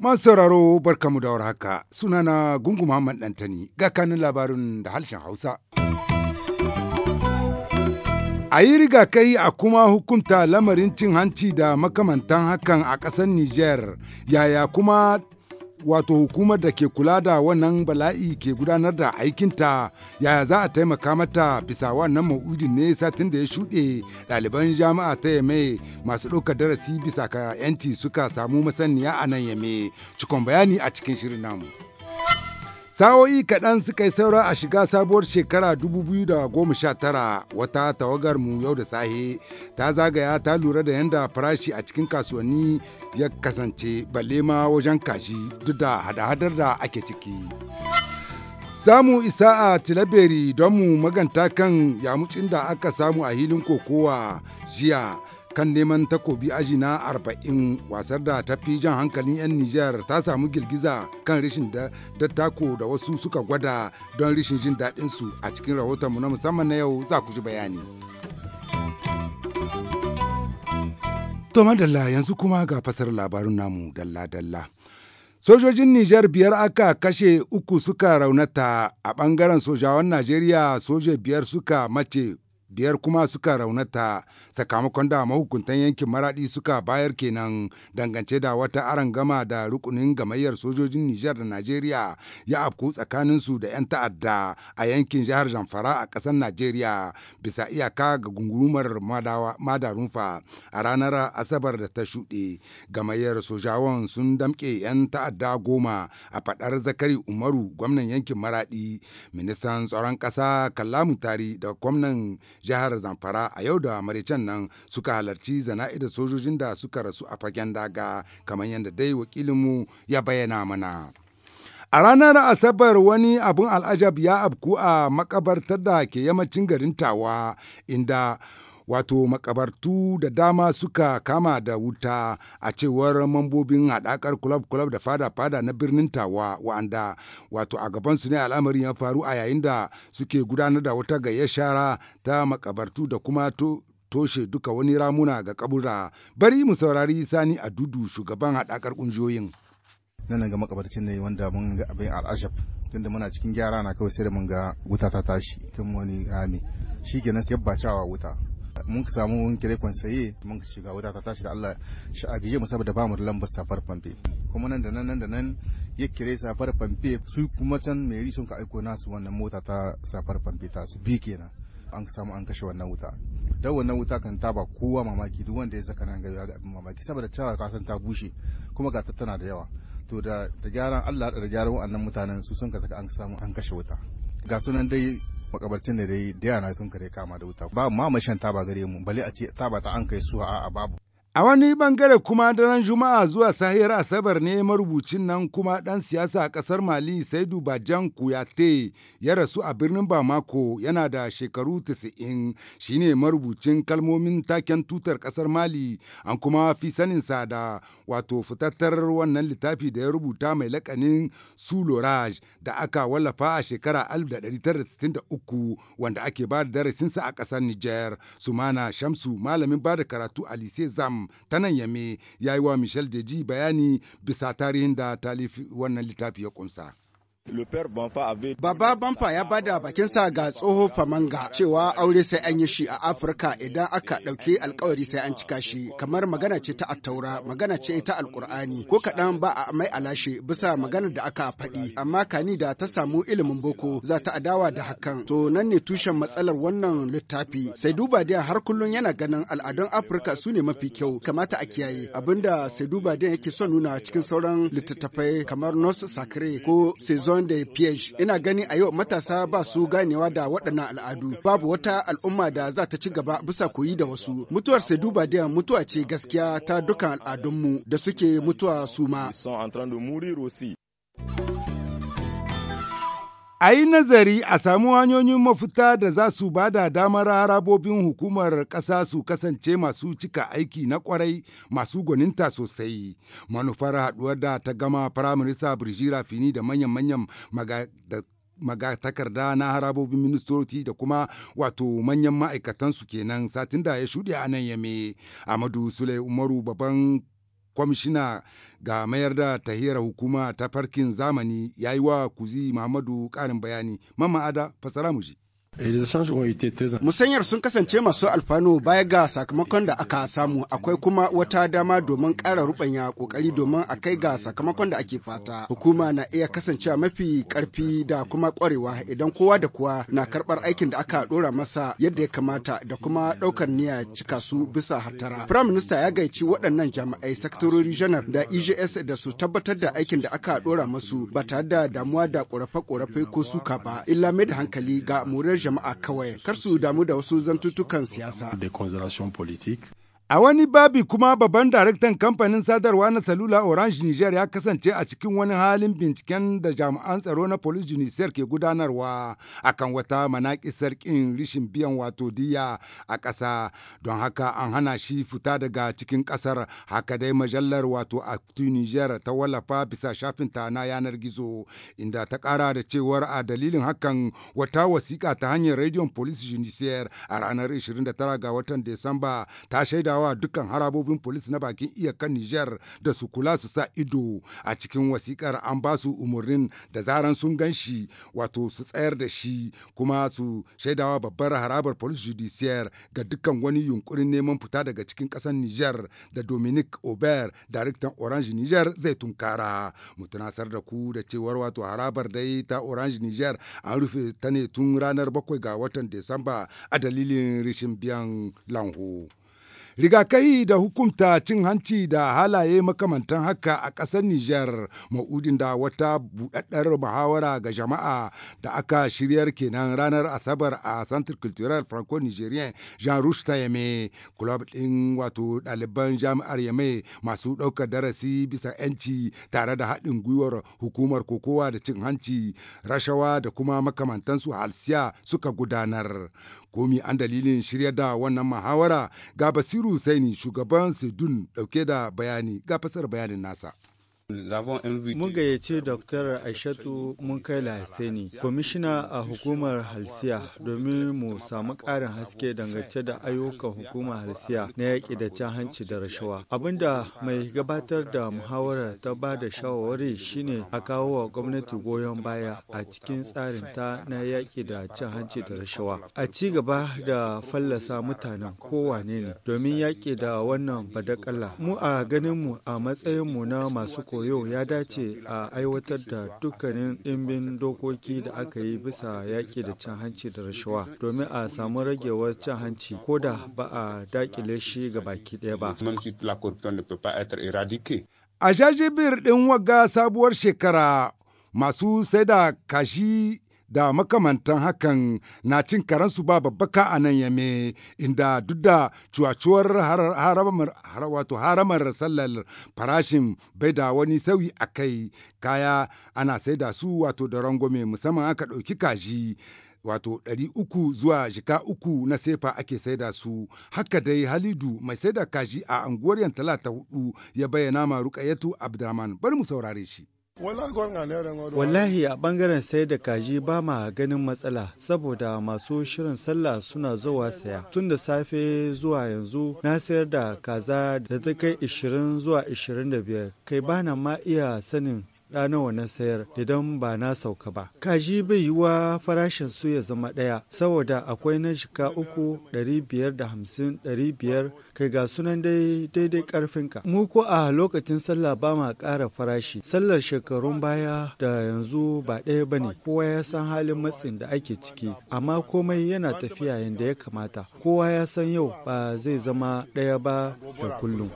man sauraro barkamu da haka sunana Gungu Muhammad Dantani ga kanin labarin da harshen Hausa. A yi rigakai a kuma hukunta lamarin cin hanci da makamantan hakan a ƙasar Nijar, yaya kuma wato hukumar da ke kula da wannan bala'i ke gudanar da aikinta yaya za a taimaka mata bisa wannan ma'udin ne satin da ya shuɗe ɗaliban jami'a ta yame masu ɗaukar darasi bisa ka 'yanci suka samu masaniya a nan yame cikon bayani a cikin shirin namu. Sa'o'i kaɗan suka yi saura a shiga sabuwar shekara 2019 wata tawagar mu yau da sahe ta zagaya ta lura da yadda farashi a cikin kasuwanni ya kasance balle ma wajen kashi duk da hada-hadar da ake ciki. Samu isa a Tilaberi don mu maganta kan yamucin da aka samu a hilin kokowa jiya kan neman takobi aji na arba'in, wasar da ta fi jan hankalin 'yan Nijar ta samu girgiza kan rishin da dattako da wasu suka gwada don rishin jin daɗinsu a cikin rahotonmu na musamman na yau za ku ji bayani. To madalla yanzu kuma ga fasar labarun namu dalla-dalla. Sojojin Nijar biyar aka kashe uku suka raunata a ɓangaren sojawan Najeriya soje biyar suka mace biyar kuma suka raunata sakamakon da mahukuntan yankin maradi suka bayar kenan dangance da wata aron gama da rukunin gamayyar sojojin Nijar da Najeriya ya afku tsakanin su da 'yan ta'adda a yankin jihar Zamfara a ƙasar Najeriya bisa iyaka ga gungumar Madarunfa a ranar Asabar da ta shuɗe. Gamayyar sojawan sun damƙe 'yan ta'adda goma a faɗar Zakari Umaru gwamnan yankin Maradi, ministan tsaron ƙasa Kallamu Tari da gwamnan jihar Zamfara a yau da maraicen nan suka halarci zana'ida sojojin da suka rasu a fagen daga kamar yadda dai wakilinmu ya bayyana mana. A ranar Asabar wani abin al'ajab ya abku a makabartar da ke yammacin garin Tawa inda wato makabartu da dama suka kama da wuta a cewar mambobin haɗakar club club da fada fada na birnin tawa wa'anda wato a gaban su ne al'amarin ya faru a yayin da suke gudanar da wata shara ta makabartu da kuma toshe duka wani ramuna ga kabura bari mu saurari sani a dudu shugaban haɗakar ƙungiyoyin. nan ga makabarcin ne wanda mun ga abin al'ashaf tunda muna cikin gyara na kawai sai da mun ga wuta ta tashi kan wani rami shi kenan sai yabbacawa wuta mun ka samu wani kire kwansaye mun ka shiga wuta ta tashi da Allah shi a bije mu saboda ba mu da lambar safar fanfe kuma nan da nan nan da nan ya kire safar fanfe su kuma can meri sun ka aiko nasu wannan mota ta safar fanfe ta su bi kenan an samu an kashe wannan wuta da wannan wuta kan ta ba kowa mamaki duk wanda ya saka nan gaba ga mamaki saboda cewa ka san ta bushe kuma ga tattana da yawa to da da gyaran Allah da gyaran wannan mutanen su sun ka saka an samu an kashe wuta ga sunan dai makabartin da dai da yana sun kare kama da wuta ba ma mashan taba gare mu bale a ce taba ta an kai su a babu A wani bangare kuma daren Juma'a zuwa sahiyar Asabar ne marubucin nan kuma ɗan siyasa a ƙasar Mali Saidu Bajan Kuyate, ya rasu a birnin Bamako yana da shekaru 90 ne marubucin kalmomin taken tutar ƙasar Mali an kuma fi saninsa da wato fitattar wannan littafi da ya rubuta mai lakanin Suloraj da aka wallafa a shekara 1963 wanda ake ba da darasinsa a ƙasar Niger. Sumana Shamsu malamin ba da karatu a Zam ta nan yame ya yi wa Michel Deji bayani bisa tarihin da talifi wannan littafi ya kumsa. Baba Bamfa ya bada bakinsa ga tsoho Famanga cewa aure sai an yi shi a Afirka idan aka ɗauki alkawari sai an cika shi, kamar magana ce ta attaura, magana ce ta alkur'ani ko kaɗan ba a mai alashe bisa magana da aka faɗi, amma kani da ta samu ilimin boko za ta adawa da hakan. To nan ne tushen matsalar wannan littafi. Sai duba da har kullum yana ganin al'adun Afirka su ne mafi kyau, kamata a kiyaye. Abinda sai duba da yake son nuna cikin sauran littattafai kamar Nos Sacre ko Saison zone de piège ina gani a yau matasa ba su ganewa da waɗannan al'adu babu wata al'umma da za ta ci gaba bisa koyi da wasu mutuwar duba da mutuwa ce gaskiya ta dukkan al'adunmu da suke mutuwa su ma. a yi nazari a samu hanyoyin mafita da za su ba da damar harabobin hukumar ƙasa su kasance masu cika aiki na kwarai masu gwaninta sosai manufar haɗuwar da ta gama firaminista birjira fini da manyan-manyan magatakarda na harabobin ministoci da kuma wato manyan ma'aikatansu kenan satin da ya shuɗe a nan yame amadu sule umaru babban kwamishina ga mayar da tahiyar hukuma ta farkin zamani ya yi wa kuzi Muhammadu ƙarin bayani. Mamma Ada, fasara mu ji. Eh, Musanyar sun kasance masu alfanu baya ga sakamakon da aka samu akwai kuma wata dama domin ƙara rubanya kokari domin a kai ga sakamakon da ake fata. Hukuma na iya kasancewa mafi ƙarfi da kuma ƙwarewa idan kowa da kowa na karɓar aikin da aka ɗora masa yadda ya kamata da kuma ɗaukar niyya cika su bisa hattara. Firayim Minista ya gaici waɗannan jami'ai sakatorori janar da EJS da su tabbatar da aikin da aka ɗora masu ba tare da damuwa da ƙorafe-ƙorafe ko suka ba illa mai da hankali ga murar jama'a kawai kar su damu da wasu zantutukan siyasa A wani babi kuma babban daraktan kamfanin sadarwa na salula Orange Niger ya kasance a cikin wani halin binciken da jami'an tsaro na Police Junisiyar ke gudanarwa a kan wata manaƙisar ƙin rishin biyan wato diya a ƙasa don haka an hana shi fita daga cikin ƙasar haka dai majallar wato a Niger ta wallafa bisa shafinta na yanar gizo inda ta ƙara da cewar a dalilin hakan wata wasiƙa ta hanyar rediyon Police Junisiyar a ranar 29 ga watan Desamba ta shaida wa dukkan harabobin polis na bakin kan Nijar da su kula su sa ido a cikin wasikar an ba su umarnin da zaran sun gan shi wato su tsayar da shi kuma su shaidawa babbar harabar polis judiciaire ga dukkan wani yunkurin neman fita daga cikin ƙasar Nijar da Dominic ober daraktan Orange Nijar zai tunkara. Mu tunasar da ku da cewar wato harabar dai ta Orange Nijar an rufe ta ne tun ranar bakwai ga watan Desamba a dalilin rishin biyan lanho. Rigakai da hukumta cin hanci da halaye makamantan haka a ƙasar Nijar ma'udin da wata buɗaɗɗar muhawara ga jama'a da aka shiryar kenan ranar Asabar a Centre Cultural Franco-Nigerien Jean Rouge ta Yame, club ɗin wato ɗaliban jami'ar Yame masu ɗaukar darasi bisa 'yanci tare da haɗin gwiwar hukumar kokowa da cin hanci, rashawa da kuma makamantan su halsiya suka gudanar. Komi an dalilin shirya da wannan muhawara ga Basiru Umaru shugaban Sedun dauke da bayani ga fasar bayanin nasa. Mun gayyaci Dr. Aishatu Munkaila Hassani, kwamishina a hukumar Halsiya, domin mu samu ƙarin haske dangance da ayyukan hukumar Halsiya na yaƙi da cin hanci da rashawa. Abinda mai gabatar da muhawara ta ba da shawarwari shine a kawo wa gwamnati goyon baya a cikin tsarin ta na yaƙi da cin hanci da rashawa. A ci gaba da fallasa mutanen kowane ne domin yaƙi da wannan badakala. Mu a ganinmu a matsayinmu na masu koyo ya dace a aiwatar da dukkanin ɗimbin dokoki da aka yi bisa yaƙi da cin hanci da rashawa domin a samu ragewar cin hanci ko da ba a daƙile shi ga baki ɗaya ba. A jajibir ɗin waga sabuwar shekara masu sai da kashi da makamantan hakan na cin karansu ba babbaka a nan yame inda duk da cuwacuwar haramar sallar farashin bai da wani sauyi a kai kaya ana saida su wato da rangwame musamman aka ɗauki kaji wato 300 zuwa jika uku na sefa ake saida su haka dai halidu mai saida kaji a anguwar yan talata hudu ya bayyana ma rukayatu abdulrahman bari mu saurare shi Wallahi a ɓangaren sai da kaji ba ma ganin matsala saboda masu shirin sallah suna zuwa saya. Tun da safe zuwa yanzu na sayar da kaza da ta kai 20 zuwa 25 kai bana ma iya sanin ɗa nawa na sayar idan ba na sauka ba. Kaji bai yi wa farashin su ya zama ɗaya saboda akwai na shika uku ɗari biyar da hamsin ɗari biyar kai ga sunan dai daidai ƙarfinka. Mu ko a lokacin sallah ba ma ƙara farashi. Sallar shekarun baya da yanzu ba ɗaya ba ne. Kowa ya san halin matsin da ake ciki amma komai yana tafiya yadda ya kamata. Kowa ya san yau ba zai zama ɗaya ba da kullum.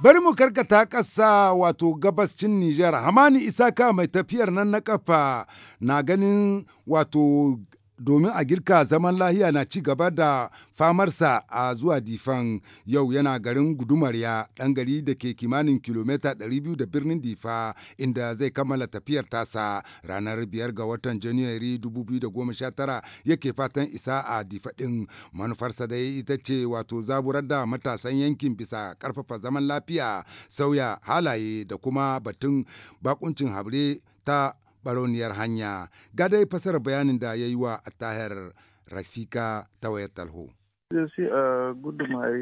Bari mu karkata ƙasa wato cin Nijar, Hamani Isaka mai tafiyar nan na ƙafa na ganin wato domin a girka zaman lahiya na ci gaba da famarsa a zuwa Difan yau yana garin Gudumarya ɗan gari da ke kimanin kilomita 200 da birnin Difa inda zai kammala tafiyar tasa ranar 5 ga watan Janairu 2019 yake fatan isa a Difa ɗin manufarsa dai ita ce wato zaburar da matasan yankin bisa ƙarfafa zaman lafiya sauya halaye da kuma batun bakuncin habre ta barauniyar hanya ga dai fasar bayanin da ya yi wa attahar rafika ta wayar talho.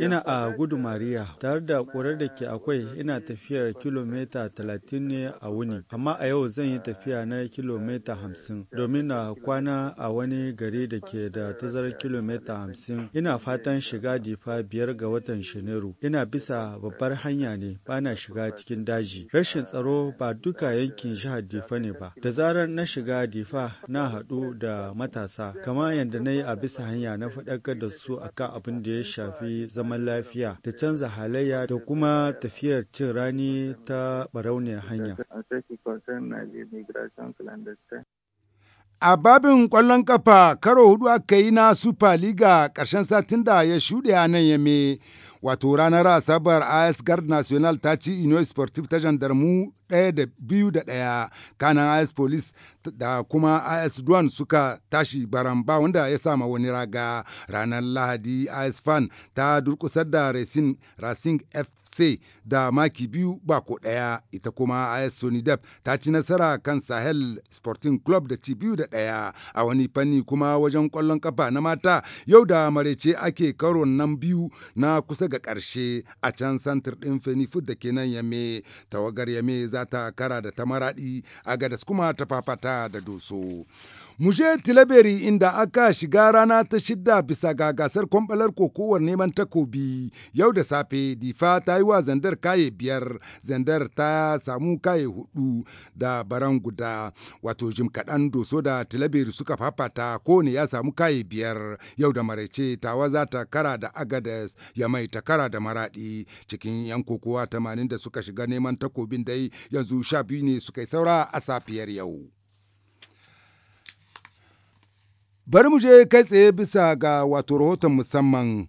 Ina a Gudu Mariya, tare da ƙurar da ke akwai ina tafiyar kilomita 30 ne a wuni, amma a yau zan yi tafiya na kilomita 50 domin na kwana a wani gari da ke da tazarar kilomita 50. Ina fatan shiga difa biyar ga watan Janairu. Ina bisa babbar hanya ne, bana shiga cikin daji. Rashin tsaro ba duka yankin jihar Difa ne ba. Da zarar na shiga Difa na haɗu da matasa, Kamar yadda na yi a bisa hanya na faɗakar da su a kan abin da ya shafi zaman lafiya da canza halayya da kuma tafiyar cin rani ta barauniyar hanya. A babin ƙwallon kafa karo hudu aka yi na Super League ƙarshen satin da ya shuɗe a nan yame. wato ranar asabar as guard national ta ci union sportive ta jandarmu ɗaya da biyu da ɗaya kanan is police da kuma is duan suka tashi baramba wanda ya sama wani raga ranar lahadi is fan ta durkusar da racing racing fc sai da maki biyu ba ko ɗaya ita kuma AS Sonidep ta ci nasara kan Sahel Sporting Club da ci biyu da ɗaya a wani fanni kuma wajen kwallon kafa na mata yau da marece ake karo nan biyu na kusa ga ƙarshe a can santir ɗin Fenifut da ke nan Yame tawagar Yame za ta kara da ta maraɗi a gadas kuma ta fafata da doso. Mu Tilaberi inda aka shiga rana ta shidda bisa ga gasar kwambalar kokowar neman takobi. Yau da safe Difa ta yi wa Zandar kaye biyar, Zandar ta samu kaye hudu da baran guda. Wato jim kaɗan doso da Tilaberi suka fafata kone ya samu kaye biyar. Yau da maraice tawa za ta kara da Agades, mai ta kara da Maraɗi. Cikin yan kokowa tamanin da suka shiga neman takobin dai yanzu sha biyu ne suka yi saura a safiyar yau. Bari mu je kai tsaye bisa ga wato rahoton musamman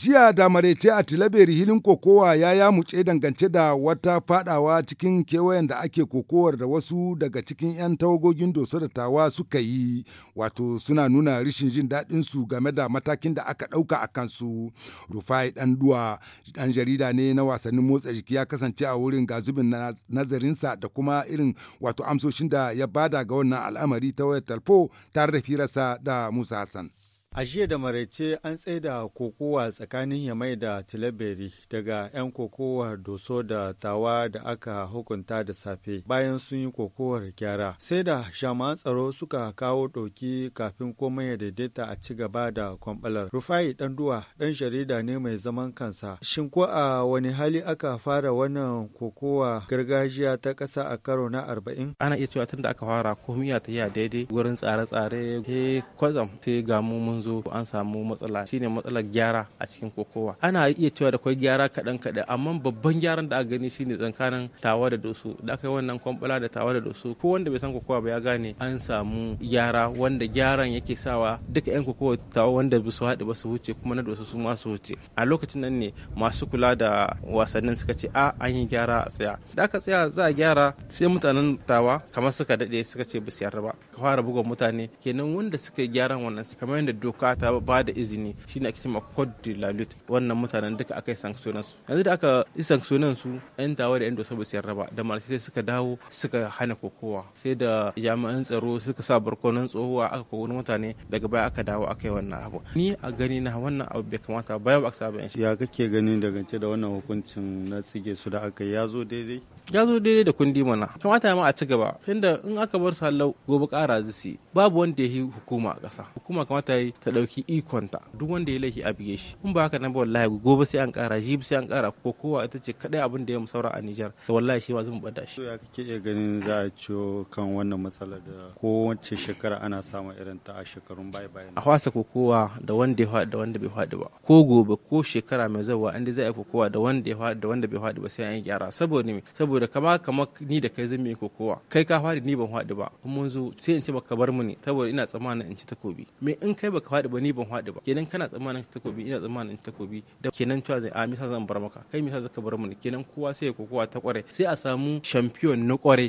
Jiya da maraice a Tilaberi hilin kokowa ya yamuce dangance da wata fadawa cikin kewayen da ake kokowar da wasu daga cikin 'yan tawagogin doso da tawa suka yi wato suna nuna rishin jin daɗin su game da matakin da aka ɗauka a kansu. Rufai duwa ɗan jarida ne na wasannin motsa jiki ya kasance a wurin gazubin nazarinsa da kuma irin wato amsoshin da ya bada ga wannan al'amari ta wayar talfo tare da firarsa da Musa Hassan. A jiya da maraice an tsaida kokowa tsakanin Yamai da Tilaberi daga 'yan kokowar Doso da Tawa da aka hukunta da safe bayan sun yi kokowar gyara. Sai da shaman tsaro suka kawo ɗauki kafin komai ya daidaita a ci gaba da kwamɓalar. Rufai duwa, ɗan jarida ne mai zaman kansa. Shin ko a wani hali aka fara wannan kokowa gargajiya ta ƙasa a karo na arba'in? Ana iya cewa tun da aka fara komiya ta yi daidai wurin tsare-tsare. He eh, kwazam sai ga mu mun an zo an samu matsala shine matsalar gyara a cikin kokowa ana iya cewa da kwai gyara kaɗan kaɗan amma babban gyaran da aka gani shine tsakanin tawa da dosu da aka yi wannan kwamfula da tawa da dosu ko wanda bai san kokowa ba ya gane an samu gyara wanda gyaran yake sawa duka yan kokowa tawa wanda ba su haɗu ba su wuce kuma na dosu su ma su wuce a lokacin nan ne masu kula da wasannin suka ce a an yi gyara a tsaya da aka tsaya za a gyara sai mutanen tawa kamar suka daɗe suka ce ba su yarda ba ka fara buga mutane kenan wanda suka yi gyaran wannan kamar yadda doka ta ba da izini shine ake cewa code de la lutte wannan mutanen duka akai sanctionan su yanzu da aka yi sanctionan su yan tawa da yan dosa ba su yarda ba da malaki sai suka dawo suka hana kokowa sai da jami'an tsaro suka sa barkonan tsohuwa aka kogo mutane daga baya aka dawo akai wannan abu ni a gani na wannan abu bai kamata ba yau aka saba ya kake ganin dangance da wannan hukuncin na tsige su da aka yi ya zo daidai ya zo daidai da kundi mana kamata ma a ci gaba tunda in aka bar sallau gobe kara zisi babu wanda ya yi hukuma a ƙasa hukuma kamata ya ta ɗauki ikonta duk wanda ya laifi a bige shi in ba haka nan ba wallahi gobe sai an kara jibi sai an kara ko kowa ita ce kaɗai abin da ya musaura a Nijar da wallahi shi ma zan bada shi. Ya kake iya ganin za a ciyo kan wannan matsala. da kowace shekara ana samun irin ta a shekarun baya baya. A hwasa kowa da wanda ya faɗi da wanda bai faɗi ba ko gobe ko shekara mai zawa inda za a yi kowa da wanda ya faɗi da wanda bai faɗi ba sai an yi gyara saboda ne saboda saboda kama kama ni da kai zan mai kokowa kai ka fadi ni ban fadi ba kuma mun zo sai in ce ka bar mu ne saboda ina tsammanin in ci takobi me in kai baka fadi ba ni ban fadi ba kenan kana tsammanin takobi ina tsammanin in ci takobi da kenan cewa zai a misa zan bar maka kai misa zaka bar mu ne kenan kowa sai ya kokowa ta kware sai a samu champion na kware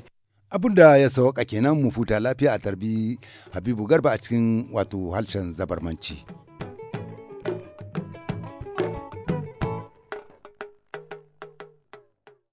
abin da ya sauka kenan mu futa lafiya a tarbi habibu garba a cikin wato halshen zabarmanci.